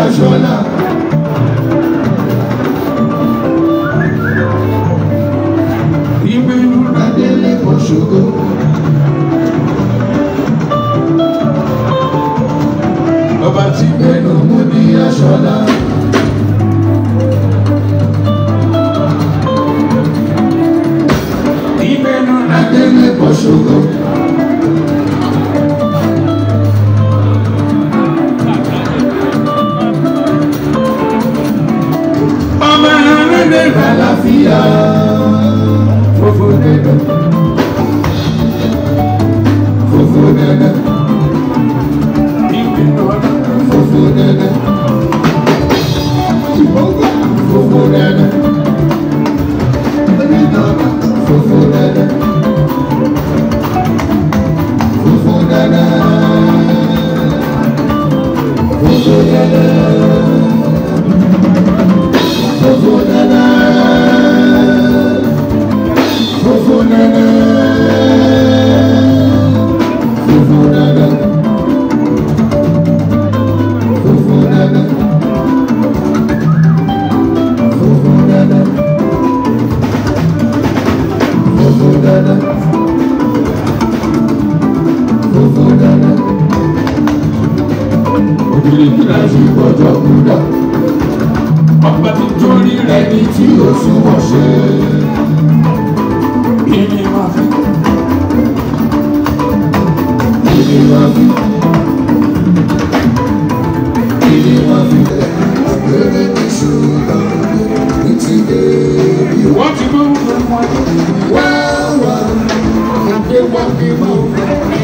Shola. Ibi ìlú Adélé kò ṣògo. dáadáa. Òbílẹ̀ kíláàsì gbọ́dọ̀ kúdà. rẹ̀ ní tí ó súnmọ́ ṣe.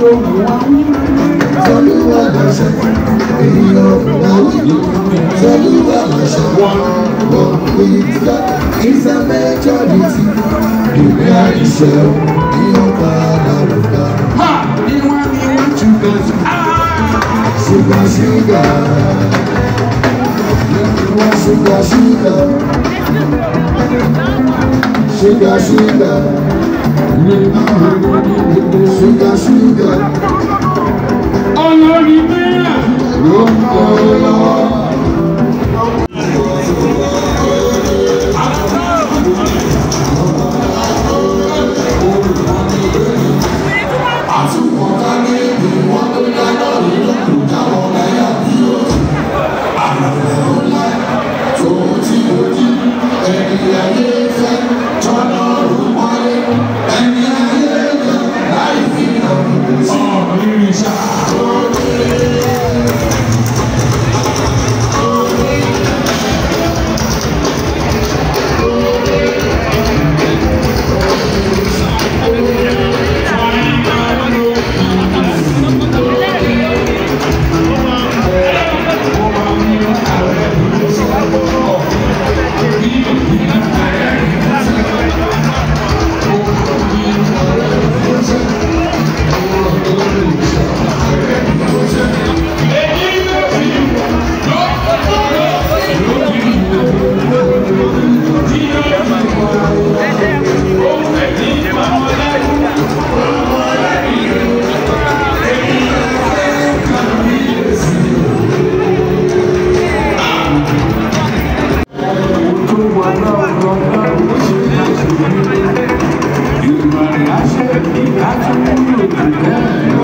yóò mú wa. Tọ́lúwà lọ́sẹ̀, èyí yóò mú wa wí. Tọ́lúwà lọ́sẹ̀, wọ́n pè é tíká. Ìsá mẹ́jọ ní ti ìwé àìṣẹ́ yóò padà lọ́dà. Ní wọ́n ní wọ́n ṣùgbọ́n ṣùgbọ́n ṣùgbọ́n ṣùgbọ́n ṣùgbọ́n ṣùgbọ́n ṣùgbọ́n. the people